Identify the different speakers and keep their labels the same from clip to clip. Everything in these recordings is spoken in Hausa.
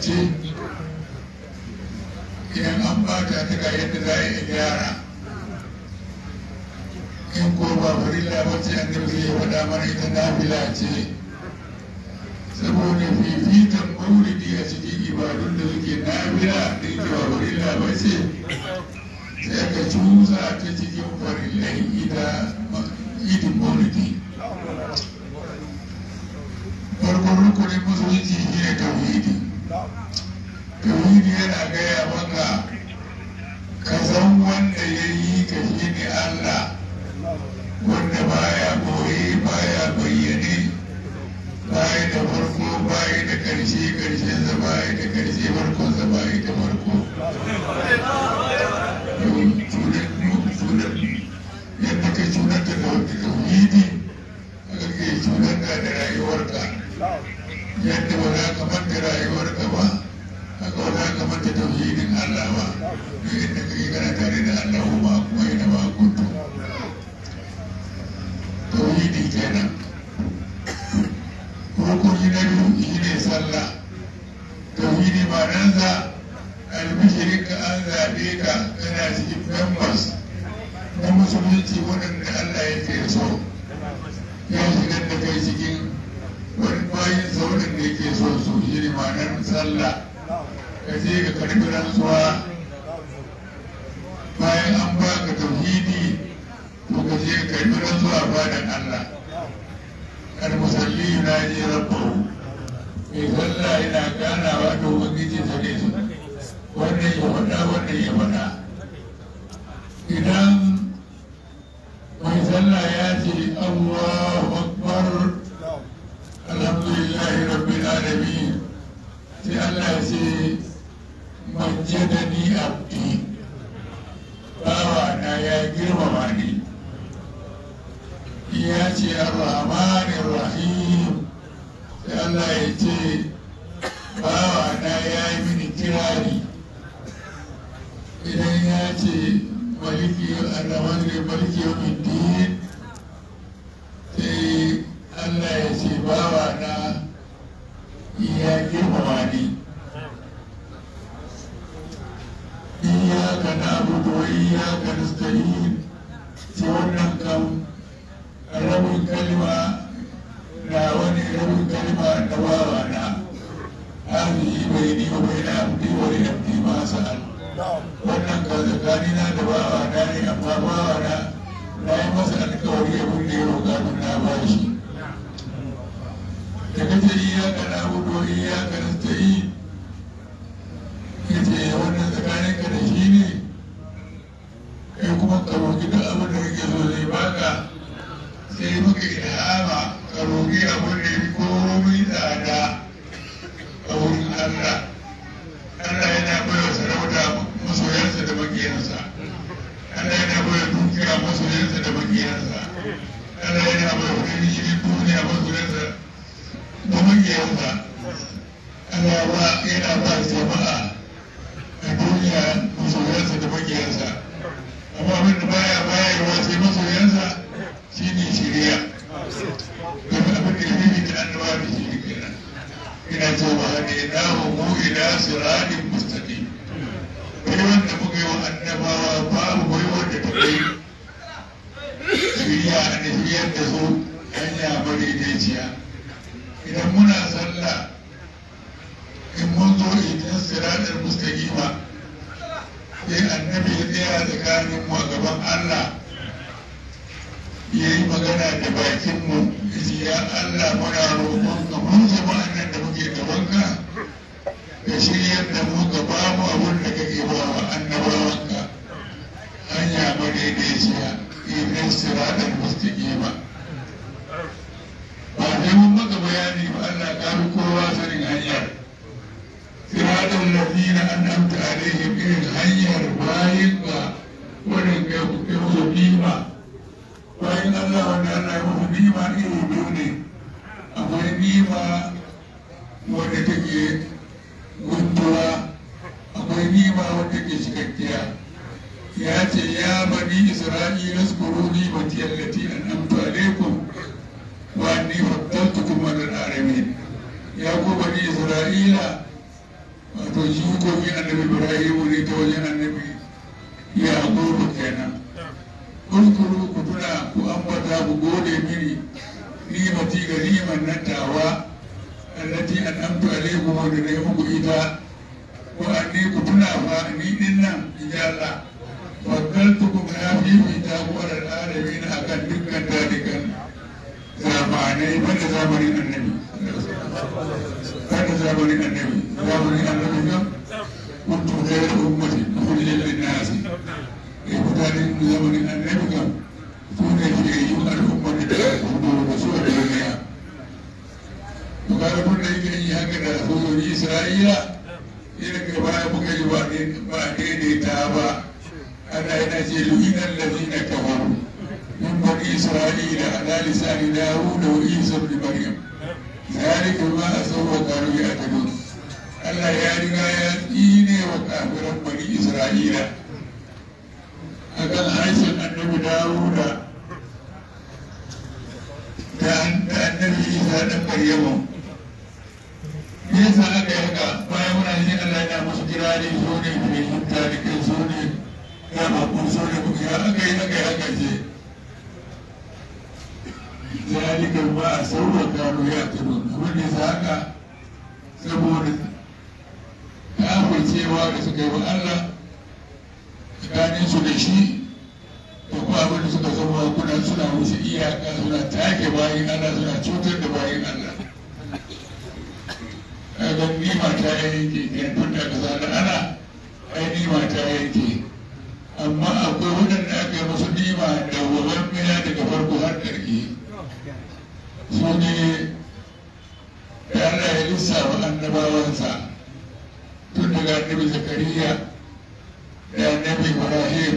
Speaker 1: ce idan an bata ta ga yadda za a yi gyara in ko ba farilla ba ce an gabi ya faɗa mana ita nafila ce saboda fifitan maulidi a cikin ibadun da suke nafila da yake ba farilla ba ce sai ka cusa ta cikin farillai ita idin maulidi a gaya maka ka san wanda ya yi ka shi ne Allah wanda ba ya koyi ba ya bayyane Ba ya da farko ba ya da ƙarshe karshen sa ya da karshe farkon sa baya da farko yadda ka cunanta da tauhidi haka ke cunanta da rayuwarka yadda ba za ka manta rayuwarka ba a kauna kamar ta tauhidin Allah ba duk inda kake kana tare da Allah ba kuma yana ba kuntu tauhidi kenan rukuni na biyu shi ne sallah tauhidi ba nan za ka an zaɓe ka kana cikin members na musulunci waɗanda Allah ya yake so ya shiga da kai cikin wani bayan sauran da ke so su shi ne ma'anar sallah ka je ka rantsuwa bayan an ba ka tauhidi to ka je ka karɓi rantsuwa da Allah kar musalli na je rabbahu mai sallah yana ganawa da ubangiji da ne wannan ya faɗa wannan ya faɗa idan ce maliki a de ne wa magribukum idha wa anni kutuna fa ni dinnan ijalla faddaltukum na fi fi ta kuwar na akan dukkan dadikan zamanai bada zamanin annabi bada zamanin annabi wani mai yawan me yasa aka yi haka bayan muna ne Allah ya musu jirani so ne mai hinta da kai so ne ya bakun so ne kuka ya aka yi aka yi haka ce zalika ma a sauwa kano ya tuno abin da yasa haka saboda kafircewa da suka yi wa Allah tsakanin su da shi ababen da suka zama kuna suna wuce iyaka suna take bayan Allah suna cutar da bayan Allah don nima ta yanke kan tun da kasa da ana ai nima ta yanke amma akwai waɗanda aka yi musu nima da wajen miya daga farko har ƙarfi su ne da Allah ya lissafa annabawansa tun daga annabi zakariya da annabi ibrahim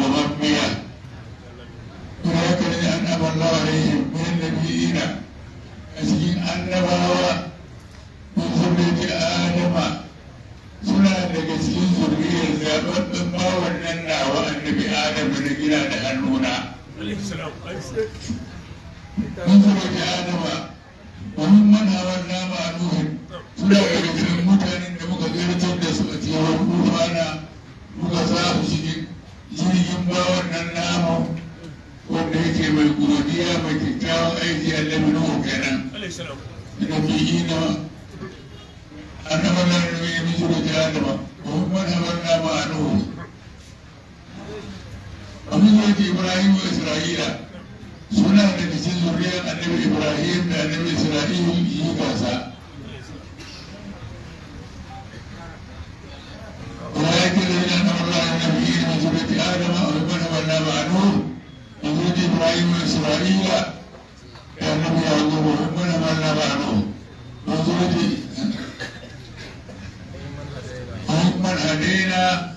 Speaker 1: daina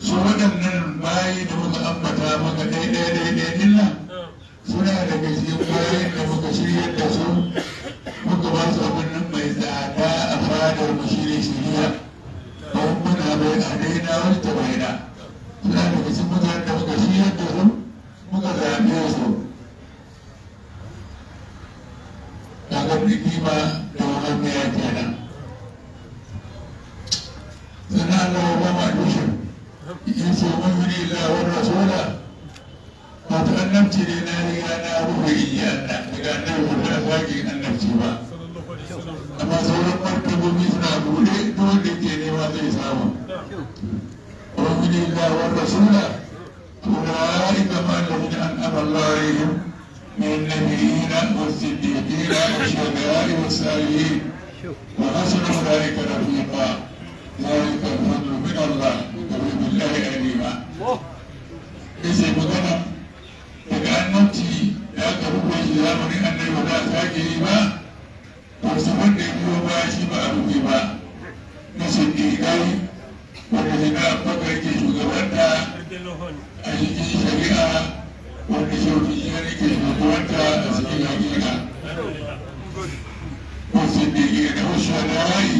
Speaker 1: su waɗannan bayi da muka ambata maka daidai daidai din suna da cikin bayan da muka shirya da su muka ba su abin nan mai tsada a fadar mu shirya shirya ba muna bai a daina wata bai da. suna ainihin shari'a wanda shawarci ina ne ke a cikin hakika.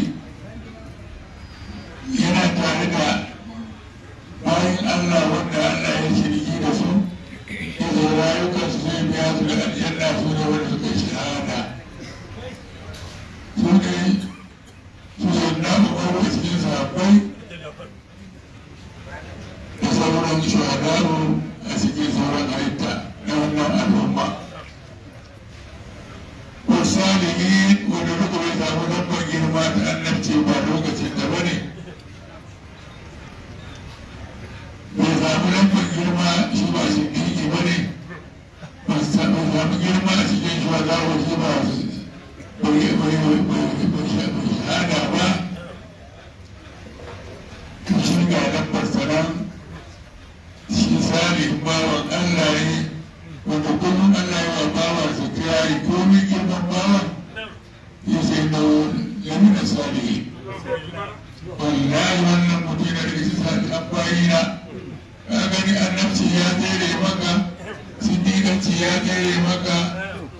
Speaker 1: ya tsere maka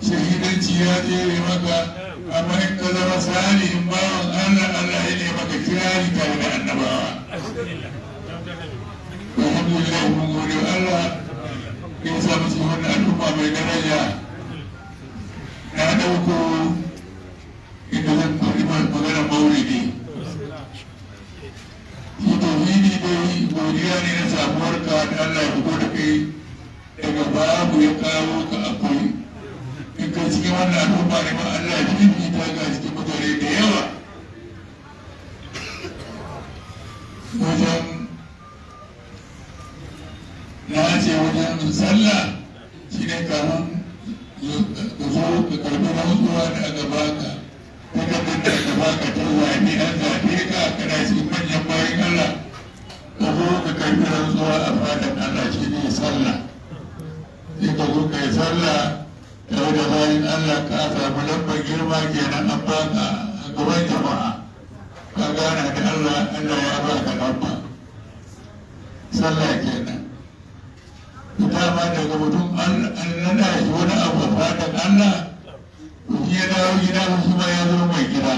Speaker 1: shahidanci ya tsere maka amma in ka zama salihin bawan Allah Allah ya ne maka kirari tare da annabawa alhamdulillah mun gode Allah ya sa mu cikin wannan al'umma mai daraja na dauko inda zan faɗi magana maulidi shi tauhidi dai godiya ne na samuwar ka da Allah ya fito da kai daga babu ya kawo ka a koyi in ka cikin wannan al'umma ne ma Allah ya ta ga cikin mutane da yawa wajen na ce wajen sallah shi ne kamun ka zo ka karbi rantsuwa da aka baka takardar da aka baka ta zaɓe an zaɓe ka kana cikin manyan bayan Allah ka zo ka karbi rantsuwa a fadar Allah shi ne sallah in ka zo sallah yau da bayan Allah ka samu lambar girma kenan an baka a gaban jama'a ka gana da Allah Allah ya ba ka lamba sallah kenan fita ma daga mutum an nana shi wani abu fatan Allah mutum ya dawo gida shi ma ya zama mai gida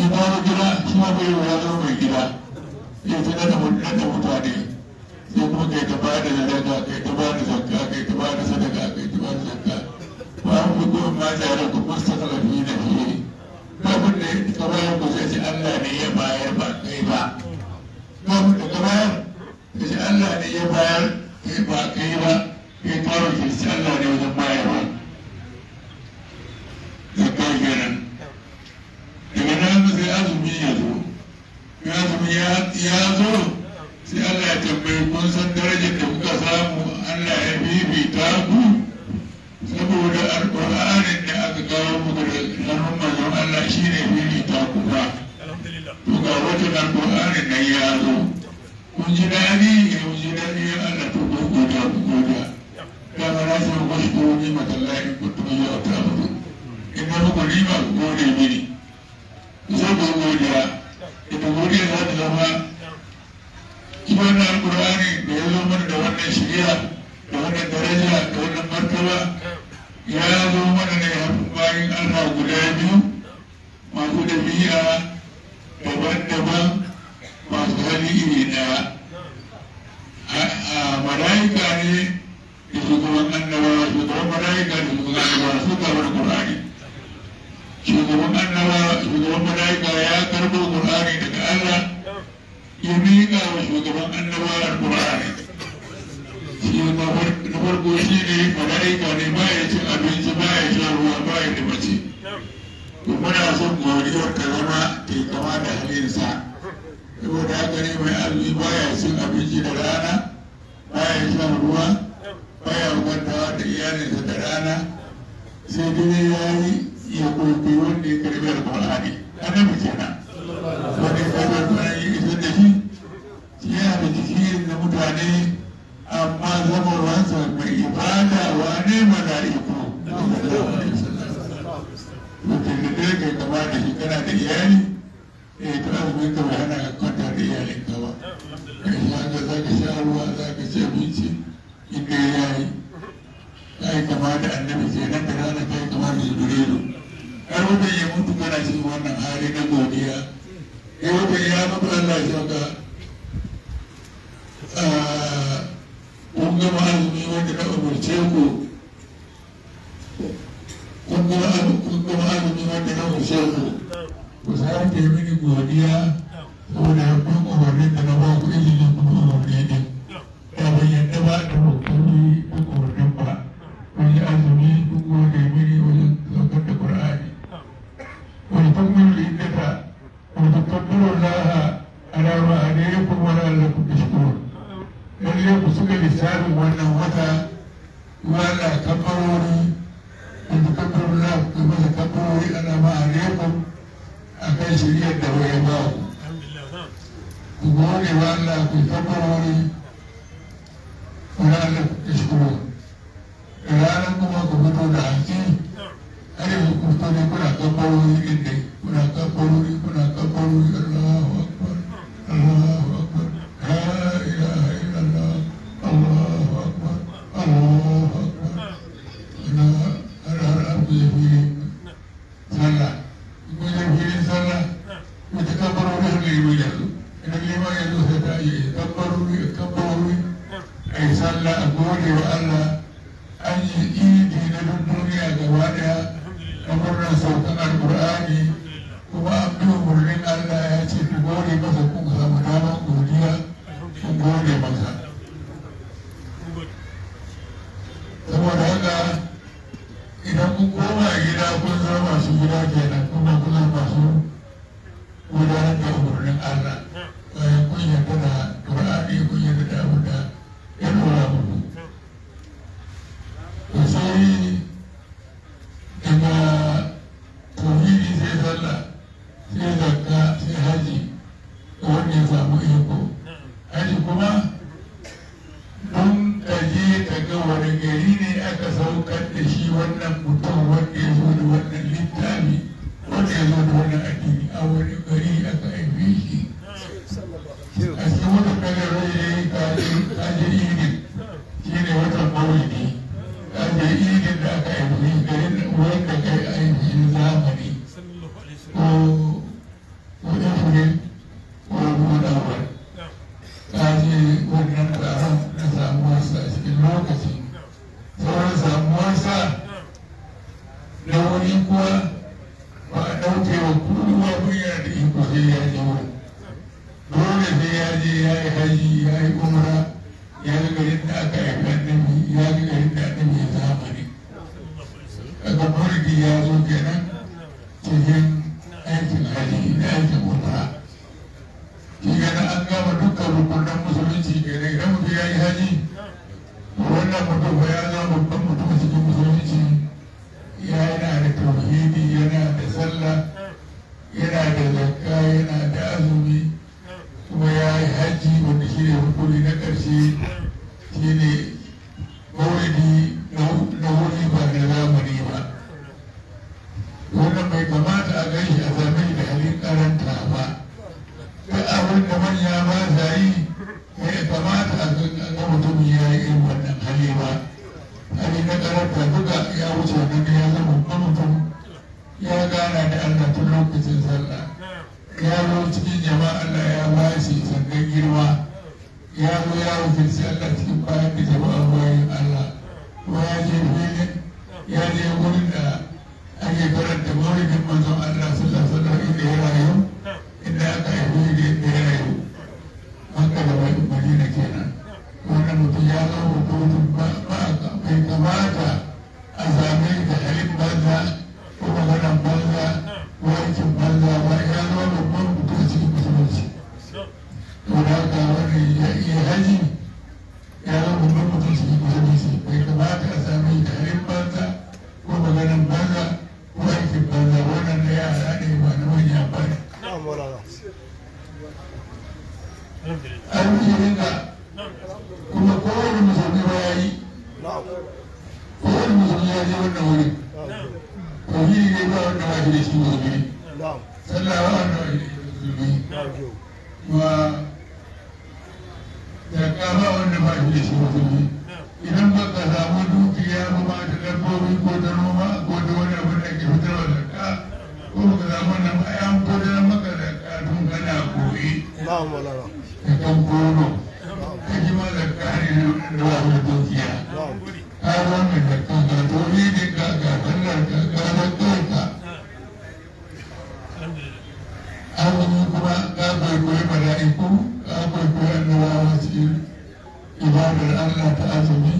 Speaker 1: ya dawo gida shi ma bai ya zama mai gida ya fi nada mutane sai kuma kai ta ba da zaraka kai ta ba da zakka kai ta ba da sadaka kai ta ba da zakka wa an fi gudun ma jarar kuma sadaka fi na fiye kafin da ka bayan ku bayar ka bayan Allah ne ya bayar ba daga nan ya ya zo sai Allah ya tambaye kun san darajar da kuka samu Allah ya bibita ku saboda alƙur'anin da aka kawo muku da hannun manzon Allah shi ne bibita ku ba to ga wata alƙur'anin nan ya zo kun ji daɗi ya eh, kun ji daɗi ya Allah to ku goda ku goda dama na san ku shi ko ni Allah ku to ya ta muku in ba ku riba ku gode mini sai ku goda ita godiya za ta zama kuma wannan alkur'ani da ya zo mana da wannan shirya da wannan daraja da wannan martaba ya zo mana ne hafin allah guda biyu masu dabi'a daban-daban masu hali iri kun gama azumi wanda na umarce ku kun gama azumi wanda na umarce ku ku sake mini godiya saboda ban umarnin da na ba ku izinin kuma umarni ne a yi sallah a gode wa Allah an yi idi na duk duniya gaba daya kamar na saukan alƙur'ani kuma an biyo wani kuwa ba a ɗauke wa kowa kunya da iko sai ya wani dole sai ya je ya yi ya yi umra mala'iku ya kwaikwayi annabawa cikin ibadar Allah ta azumi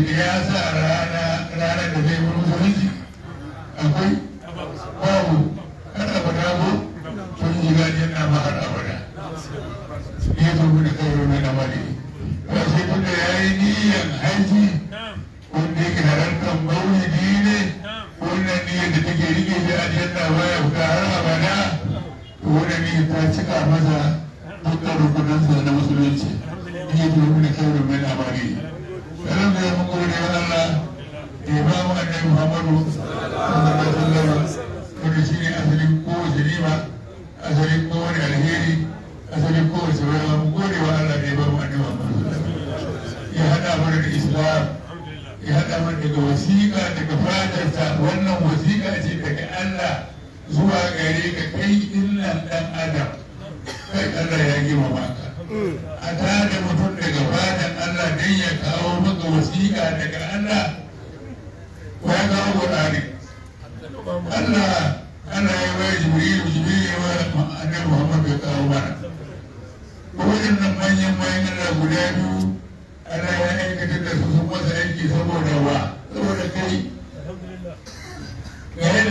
Speaker 1: da ya sa rana da zai wurin musulunci akwai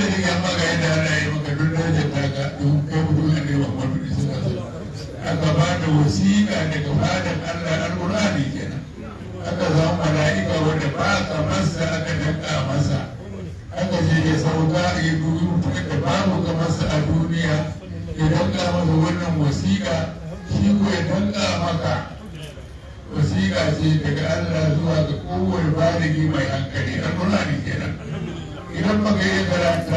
Speaker 1: ga maka yana rayu maka duk ta ne wa da wasiƙa daga fadar allah alƙur'ani kenan aka zama mala'ika wanda ba ka masa aka danka masa ce ya sauka a da babu ka a duniya ya masa wannan wasiƙa shi maka wasiƙa ce daga allah zuwa ga kowane baligi mai hankali alƙur'ani kenan idan baka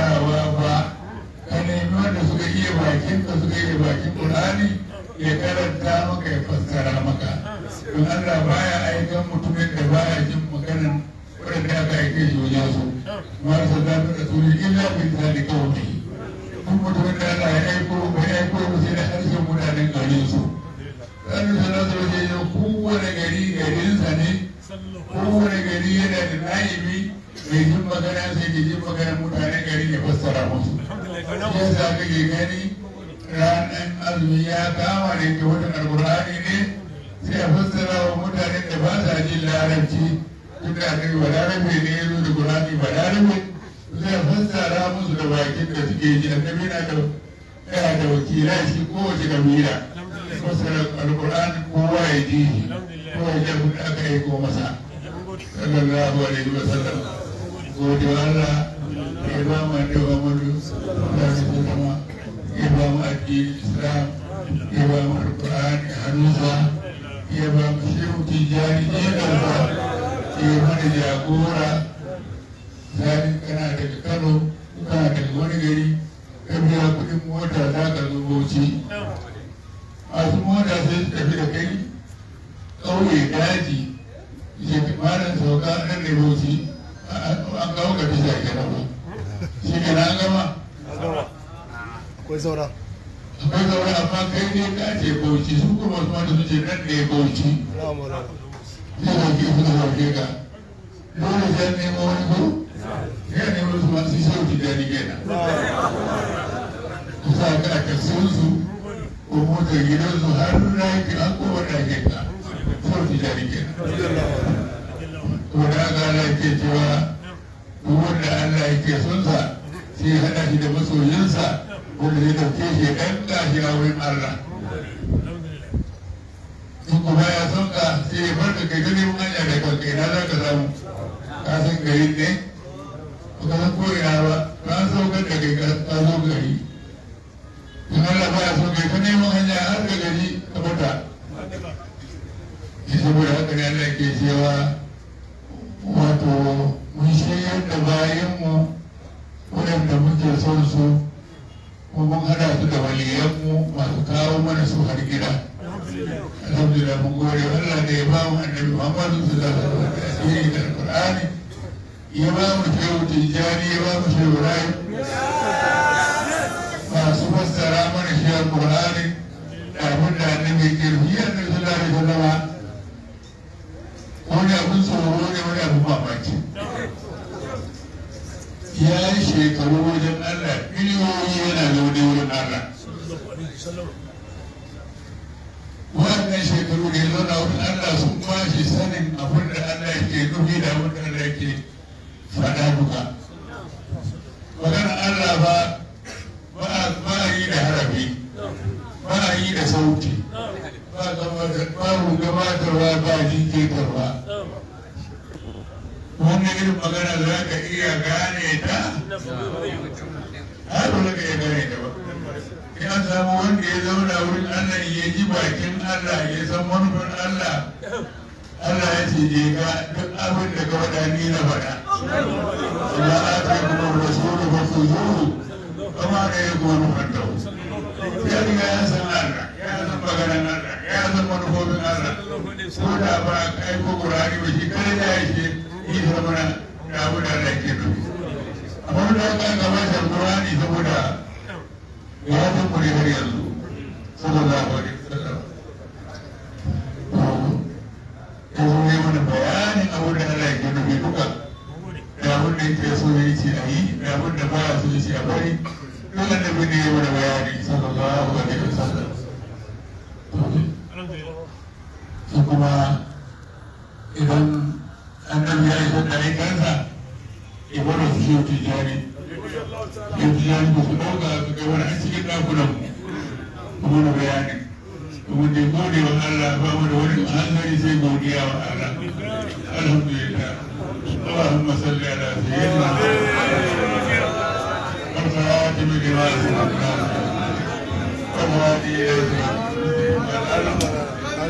Speaker 1: bakin da suke ji a annabi na da ya da wakilai shi kowace kabila fasara alquran kowa ya ji kowa ya ji aka yi ko masa sallallahu alaihi wa sallam gode wa Allah ya ba mu da Muhammadu sallallahu alaihi wa sallam ya ba mu addini Islam ya ba mu alquran hanusa ya ba mu shehu tijani ya dalba ya mana jagora zalika kana da Kano kana daga wani gari ka biya kudin mota za ka zo bauchi masu mota sai su tafi da kai ƙauye daji ya malam sauka nan bauchi an ka bisa ba
Speaker 2: shi na gama
Speaker 1: akwai saura akwai amma kai ne ka ce bauchi su kuma su mata su ce nan ne bauchi zai su da ka dole sai nemo wani ko Yani yi wasu masu shauki da ni gina kusa ga a kasarsu ko motar gidansu har rayu kira ko wata gina shauki ko ga Allah cewa duk wanda Allah yake sai shi da wanda shi ɗan a wurin Allah ya son ka sai za ka ka san ne ba san ko'ina ka sauka da kai ka zo gari in Allah ba so kai ka neman hanya har ka gari ka fita saboda haka ne Allah ke cewa wato mun shayar da bayanmu waɗanda muke son su kuma mun hada su da waliyanmu masu kawo mana su har gida.
Speaker 2: ba
Speaker 1: لله من muhammadu sallallahu alaihi wa sallam صلى الله عليه وسلم ya ba mu shehu tijjani ya ba mu shehu rai masu fassara mana shi a ƙorani abin da annabi kirfi annabi sallallahu alaihi wasallama wani abin tsoro ne wani abin mamaki ya yi shekaru wajen Allah miliyoyi yana zaune wurin Allah wannan shekaru ne ya zauna wurin Allah sun kwashe sanin abin da Allah ke nufi da abin da Allah yake faɗa duka magana Allah ba ba a yi da harafi ba a yi da sauti babu gabatarwa ba jinkirtarwa wannan irin magana za ka iya gane ta har wani ka iya gane ta ba in an samu wanda ya zauna wurin Allah ya ji bakin Allah ya san manufar Allah Allah ya ce je ka duk abin da ka faɗa ni na faɗa إلا آتاكم الرسول فخذوه وما نهيكم عنه فانتهوا يعني يا da ba shi shi yi da da yanzu yanzu bayanin da yake so ya ce a yi da abin da baya so ya ce a bari ne bayani sallallahu alaihi kuma idan ya shi su su kai wani a cikin kuma na gode gode wa Allah ba mu da wani hanzari sai godiya wa Allah alhamdulillah اللهم صل على سيدنا الخاتم لما سبقنا
Speaker 2: والهادي الى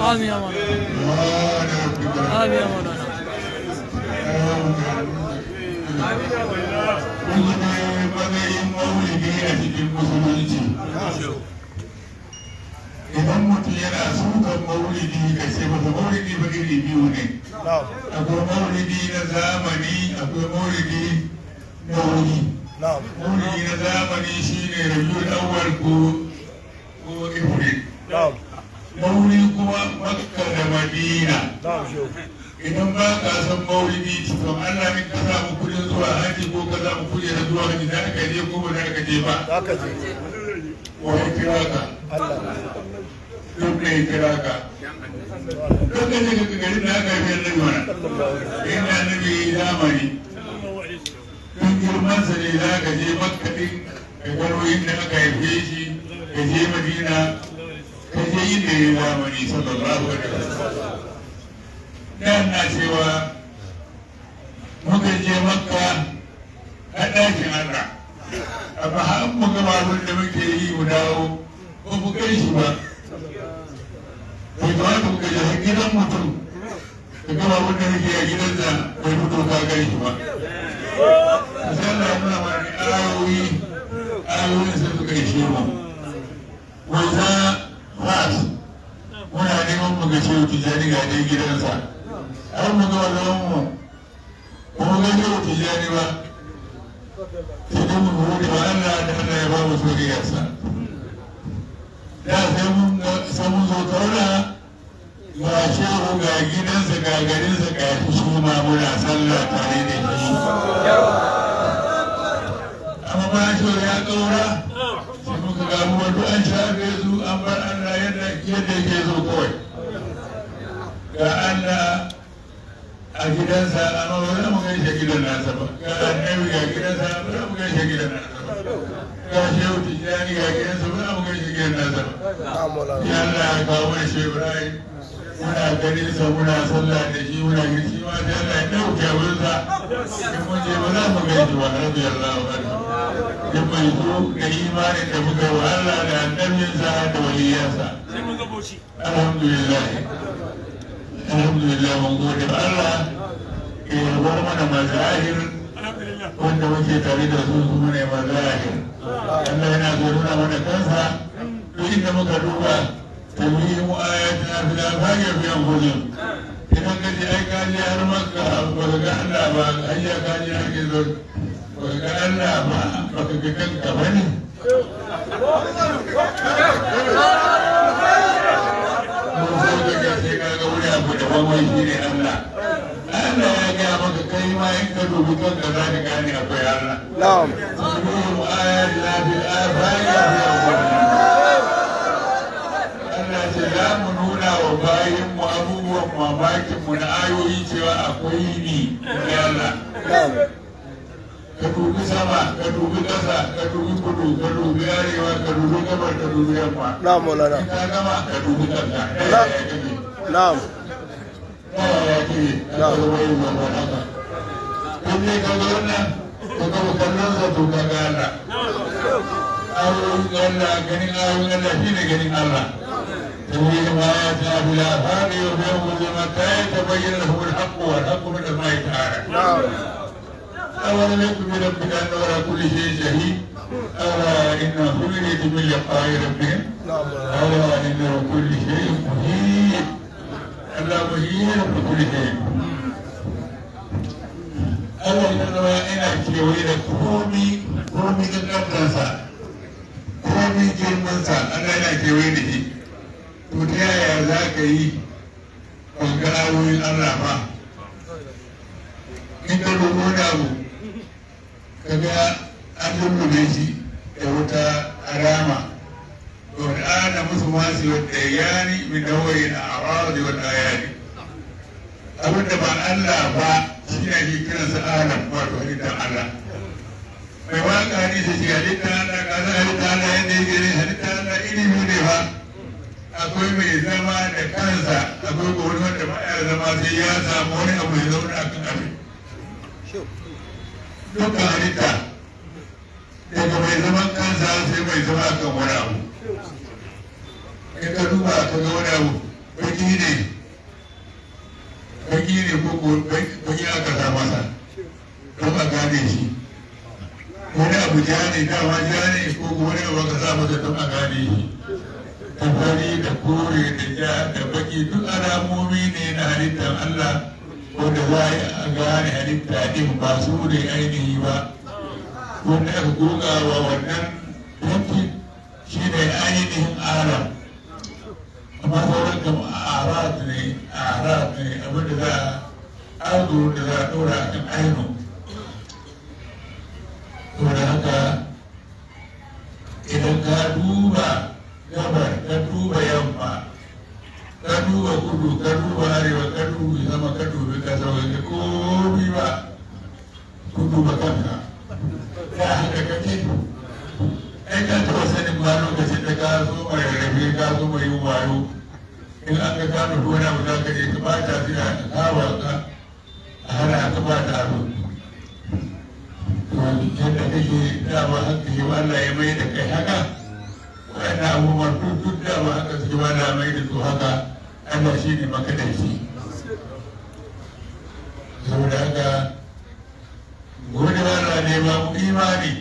Speaker 2: آمين يا مولانا آمين يا مولانا كل
Speaker 1: ما ينبغي مولدي أجل المسلمين yana sukan maulidi ka ce masa maulidi ba iri biyu ne akwai maulidi na zamani akwai maulidi na wuri maulidi na zamani shi ne awwal ko ko ifrit Mauli kuma makka da madina idan ba ka san maulidi to Allah in ka samu kudin zuwa haji ko ka samu na zuwa haji za ka je ko ba za ka je ba za
Speaker 2: wa kira ka Allah தூக்கை திராக்கா தூக்கத்துக்கு கடிதா கைவியல் வர எங்க அனுபவி இதாமணி
Speaker 1: girman sa ne za ka je ka gano ka je madina ka je ya zamani na cewa je a ɗakin da muke yi mu dawo mu kai shi ba babu gidan mutum ka ga babun da yake a bai mutu ka gani ba sai Allah ya nuna mana ayoyi ayoyi sai suka ishe mu wanda ras muna neman mu ga shehu tijani ga dai gidansa an mu ga wannan mu ba mu ga shehu ba sai dai mu gode wa Allah da Allah ya ba mu sa. da sai mun zo tauna ya shehu ga gidansa ga garinsa ga fi suna muna sallah tare da shi amma ba shi ya ƙaura, sai muka gamu wato an shafe su an bar Allah yadda yadda yake zo kawai ga Allah a gidansa amma ba za mu gaishe gidan nasa ba ga annabi ga gidansa ba za mu gaishe gidan nasa ba ga shehu tijjani ga gidansa ba za mu gaishe gidan nasa ba ya Allah ya kawo mana shehu Ibrahim muna ganin sa muna sallah da shi muna ganin shi ma sai Allah ya dauke wurin sa in mun je ba za mu ga shi ba rabbi Allah wa in mun zo ga imanin da muka wa Allah da annabin sa da waliyan sa alhamdulillah alhamdulillah mun gode Allah ya bar mana mazahir wanda muke tare da su su ne mazahir Allah yana zo nuna mana kansa duk inda muka duba تبهيم آياتنا في الآفاق في أنفسهم إذا قد أي كان لي هرمك وتقعنا بك أي كان لي حكيتك وتقعنا بك بك بني Allah ya gaya maka kai ma in ka dubi kanka za ka gane akwai Allah. Na'am. Ruhul ayat la bil afaq ya fi da za mu nuna wa bayan mu abubuwan mamakin mu na ayoyi cewa akwai ni ya ka dubi sama ka dubi kasa, ka dubi kudu ka dubi arewa ka dubi gabar ka dubi yamma na'am maulana ka gama ka dubi kanka na'am na'am na'am kun ne ka zo nan ka ga kallon sa ka ga Allah أعوذ بالله جنين أعوذ بالله شيء جنين الله تبليغ ما يشاء في الآثار يبيض متى يتبين لهم الحق والحق من الله تعالى أولم يكن بربك أن وراء كل شيء شهيد ألا إن خلقت من لقاء ربهم ألا إن كل شيء مهين ألا مهين بكل شيء أولا إنك وإلى قومي قومي الأقدس komin girman sa ana yana kewaye da shi to ta yaya za ka yi ɓangara wurin an rafa in ka roƙo da mu ka ga an rubuta shi da wata arama wani ana musu masu yadda ya ni min da wayi na awawa da wadda ya ni abinda ba Allah ba shi ne kiransa alam wato ita Allah mai waka ne su ci halitta iri biyu akwai mai zama da kansa akwai kowani wanda ba ya zama sai ya samu wani abu ya zauna a kan abin dukkan halitta daga mai kansa sai mai zama kan wani abu in ka duba ka ga wani abu baki ne baki ne ko baki ja ne dama ja ne ko wani abu ka samu da tun a gane shi ta fari da kore da ja da baki duk alamomi ne na halittar Allah ko da za a gane halitta din ba su ne ainihi ba wanda aka goga wa wannan yankin shi ne ainihin aram amma sauran kama arat ne arat ne abinda za a arzu da za a ɗora a kan ainihin saboda haka idan ka duba gabar ka duba yamma ka duba kudu ka duba arewa ka duba sama ka dubi ka zama ka komi ba ku duba kanka ka haka kake ai ka taɓa sanin ma lokacin da ka zo mai rarrafe ka zo mai yi wayo in an ka kama gona ba za ka je ka ba ta fiya ka kawo ka a hana ka ba ta abin halittar da kake dama haka shi wala ya mai da kai haka wani abubuwan duk dama haka shi wala mai da su haka Allah shi ne maka da shi saboda haka gode wala ne ba mu imani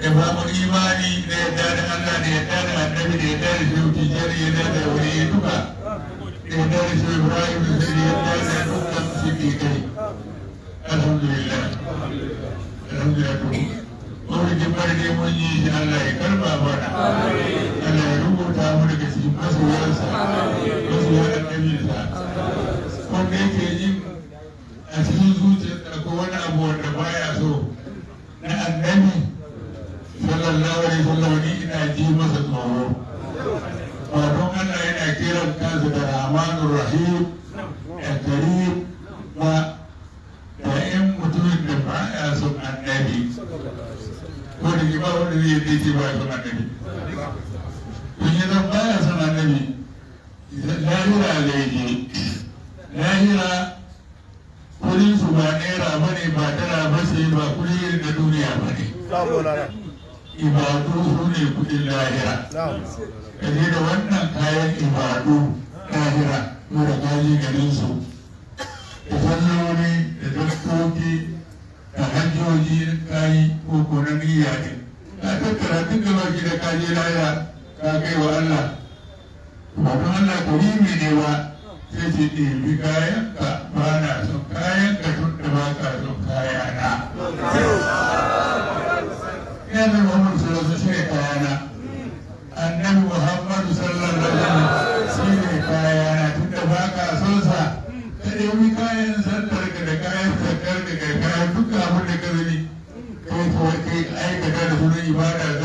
Speaker 1: da ba mu imani da yadda da Allah da yadda da annabi da yadda da shi wuce jari yadda da wuri ya duka da yadda da shi Ibrahim da shi yadda da dukkan shi ke kai alhamdulillah wani farke mun yi shi Allah ya karba mana Allah ya rubuta mu daga cikin masoyansa masoyan wanda yake yi yi ka yi ko ko na niyya ne ka tattara tun da ba ka je laya ka kai wa Allah wato Allah karimi ne wa sai ce ɗebi kayan ka ba na son kayan ka da ba ka son kaya na. ibada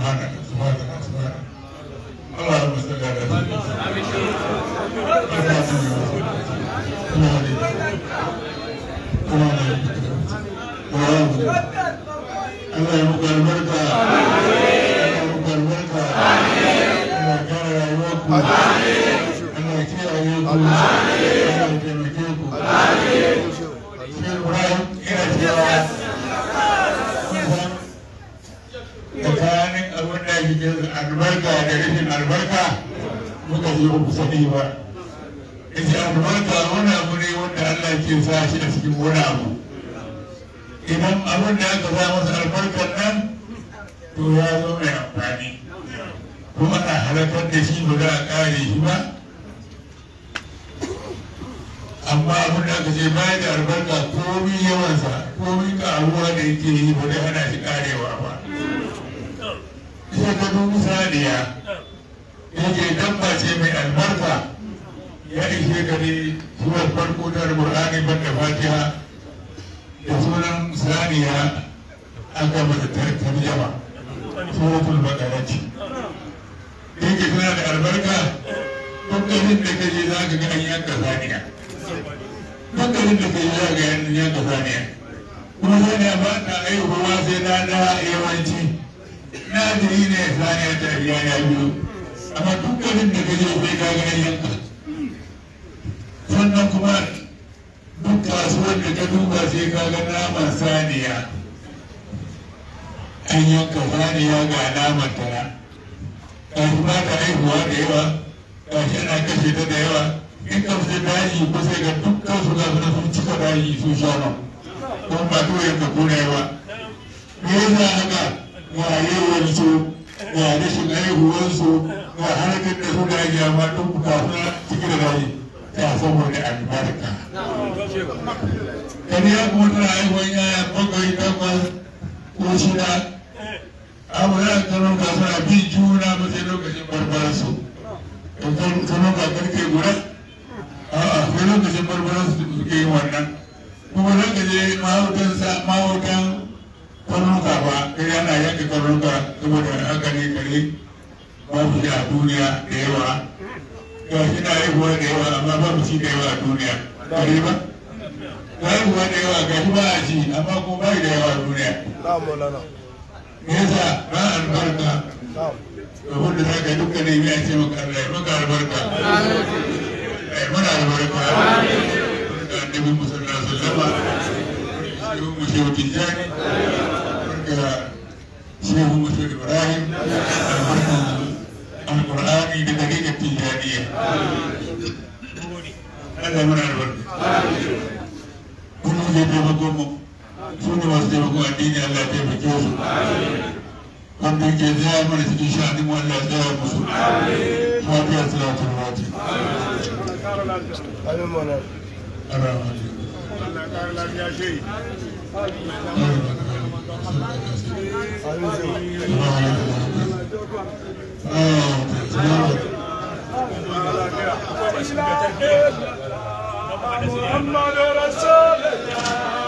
Speaker 1: subhanaka subhanaka garin da kaje za ga an yanka da ka ga saniya kuma saniya ba ta sai na da yawanci na ne ta amma da ga yanka sannan kuma duk kasuwar da ka duba sai ka ga saniya an yanka saniya ga tara ta da yawa yana kashe ta da yawa in ka fita daji ko ga dukkan su ga suna sun cika daji su me haka ga ga aihuwar su ga su daji amma duk da daji ta saboda albarka kan ya kuma tana haihuwar yaya bakwai takwas ko shida abu bin juna ba sai lokacin barbar su mutum zama ba karfe guda a'a akwai lokacin barbara suke yin wannan kuma nan da je mahautan kwanuka ba kai yana yanke kwanuka saboda hankali kare ba su a duniya da yawa ga shi na haihuwa da yawa amma ba mu ci da yawa a duniya kare ba haihuwa da yawa ga shi ba a ci amma kuma ba da yawa a duniya me yasa ba albarka abin da zaka duka ne ya ce maka Allah ya maka albarka eh, ai mana albarka da annabi musallallahu alaihi wasallam shehu mu shehu tijani barka shehu mu shehu ibrahim albarka alqur'ani da dalilin tijaniya Allah mana albarka kullum su ne masu taimakon addini Allah ya taimake su wanda ke zaya mana cikin sha'anin mu Allah ya zaya musu fatiha salatul fatiha amin mana Allah ya kara lafiya shi
Speaker 2: محمد رسول الله